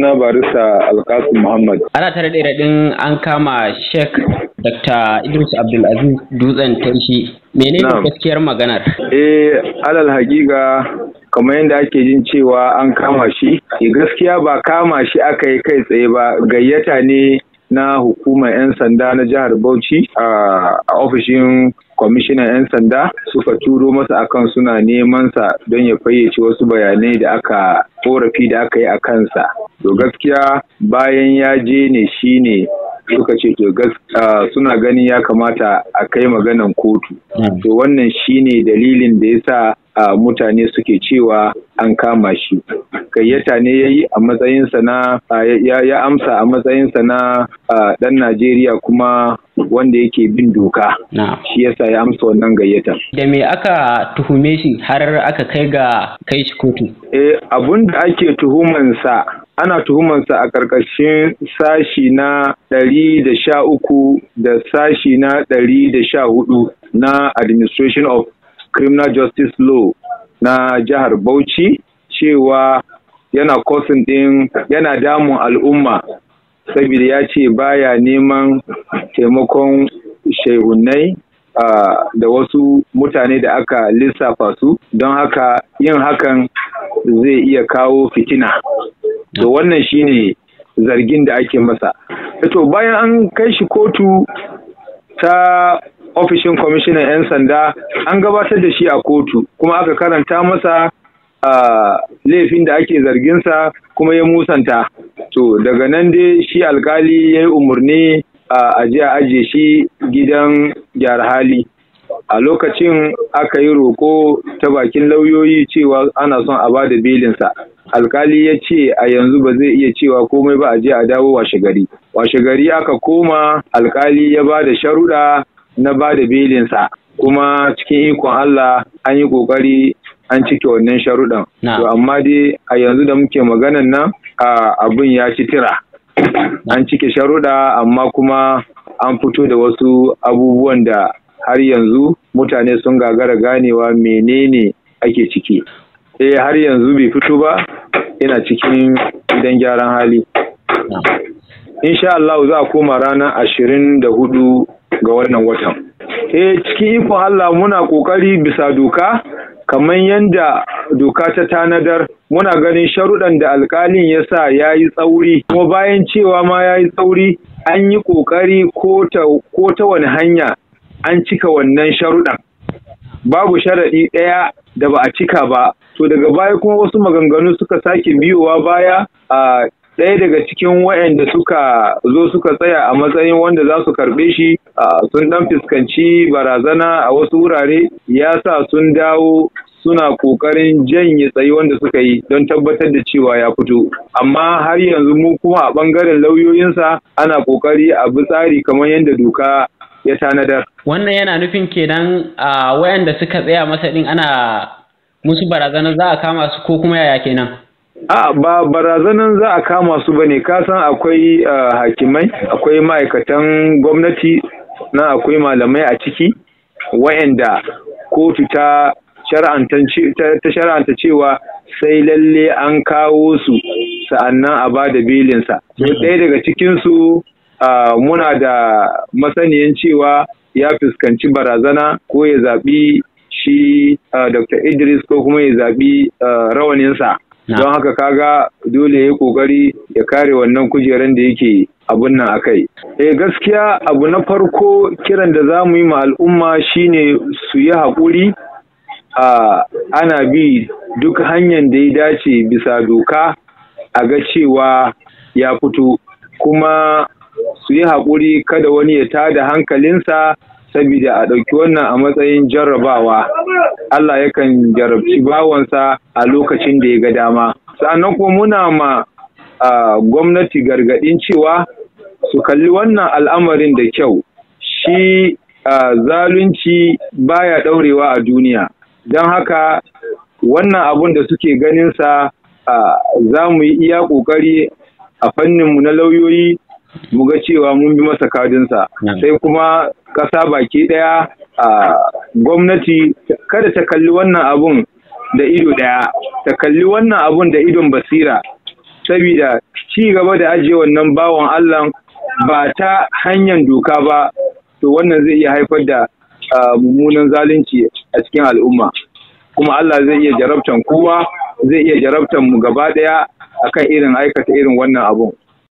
na barista alkasu muhammad ana tare da iradin an kama sheikh dr idris abdulaziz dutsen Mene ne gaskiyar maganar eh alal hakika kamar yadda ake jin cewa an kama shi eh, gaskiya ba kama shi aka yi kai tsaye ba gayyata ne na hukumar 'yan sanda na jihar Bauchi ah, a ofishin kwamishinan 'yan sanda suka turo masa akan suna neman sa don ya fayyace wasu bayanai da aka korafi da aka yi a kansa to gaskiya bayan ya je ne shine suka ce to suna gani ya kamata a kai maganan kotu hmm. to wannan shine dalilin da yasa a mutane suke cewa an kama shi gayyata ne ya yi a matsayinsa na ya amsa a matsayinsa na dan najeriya kuma wanda yake bin doka shi yasa ya amsa wannan gayyata da me aka tuhume shi har aka kai ga kai shi kotu eh abun da ake tuhumansa ana tuhumansa a ƙarƙashin sashi na ɗari da sha uku da sashi na ɗari da sha hudu na administration of criminal justice law na jihar bauchi cewa yana kosin ɗin yana damun al'umma saboda ya ce baya neman taimakon shehunai da wasu mutane da aka lissafa su don haka yin hakan zai iya kawo fitina to wannan shine zargin da ake masa to bayan an kai shi kotu ta ofishin kwamishinan 'yan sanda an gabatar da shi a kotu kuma aka karanta masa laifin da ake zarginsa kuma ya musanta to daga nan dai shi alkali ya yi umarni a je a ajiye shi gidan gyara hali a lokacin aka yi roko ta bakin lauyoyi cewa ana son a ba da belinsa alkali ya ce a yanzu ba zai iya cewa komai ba a je a dawo washe gari washe gari aka koma alkali ya ba da sharuɗa na ba da belinsa kuma cikin ikon Allah an yi ƙoƙari an cike wannan sharuɗan to amma dai a yanzu da muke maganan nan abin ya ci tira an cike sharuɗa amma kuma an fito da wasu abubuwan da har yanzu mutane sun gagara ganewa menene ake ciki eh har yanzu bai fito ba Ina cikin gidan gyaran hali insha Allah za a koma ranar ashirin da hudu ga wannan watan eh cikin ikon Allah muna kokari bisa doka kamar yadda doka ta tanadar muna ganin sharuɗan da alkalin ya sa ya yi tsauri kuma bayan cewa ma ya yi tsauri an yi ƙoƙari ko ta wani hanya an cika wannan sharuɗan babu sharaɗi ɗaya da ba a cika ba to daga baya kuma wasu maganganu suka sake biyowa baya a ɗaya daga cikin waɗanda suka zo suka tsaya a matsayin wanda za su karɓe shi sun ɗan fuskanci barazana a wasu wurare ya sa sun dawo suna ƙoƙarin janye tsayi wanda suka yi don tabbatar da cewa ya fito amma har yanzu mu kuma a ɓangaren lauyoyinsa ana ƙoƙari a bi tsari kamar yadda doka ya tanadar wannan yana nufin kenan a wayanda suka tsaya masa ɗin ana musu barazanar za a kama su ko kuma yaya kenan a ba barazanar za a kama su bane ka san akwai hakimai akwai ma'aikatan gwamnati na akwai malamai a ciki wayanda kotu ta shara'anta cewa sai lalle an kawo su sa'annan a ba da sa ɗaya daga cikinsu muna da masaniyan cewa ya fuskanci barazana ko ya zaɓi shi uh, Dr. Idris ko kuma ya zaɓi uh, rawaninsa. Don haka kaga dole ya kokari ya kare wannan kujeran da yake abun nan a kai. E gaskiya abu na farko kiran da za mu yi ma al'umma shine su yi haƙuri uh, ana bi duk hanyar da ya dace bisa doka a ga cewa ya fito kuma su yi haƙuri kada wani ya tada hankalinsa saboda a ɗauki wannan a matsayin jarrabawa Allah yakan jarabci bawansa a lokacin da ya ga dama sa'annan kuma muna ma gwamnati gargaɗin cewa su kalli wannan al'amarin da kyau shi zalunci baya ɗaurewa a duniya don haka wannan abun da suke ganinsa za mu yi iya ƙoƙari a fanninmu na lauyoyi mu ga cewa mun bi masa kadinsa sai kuma ƙasa baki ɗaya a gwamnati kada ta kalli wannan abun da ido ɗaya ta kalli wannan abun da idon basira saboda ci gaba da ajiye wannan bawan Allah ba ta hanyar doka ba to wannan zai iya haifar da mummunan zalunci a cikin al'umma kuma Allah zai iya jarabtan kowa zai iya jarabtan mu gaba daya akan irin aikata irin wannan abun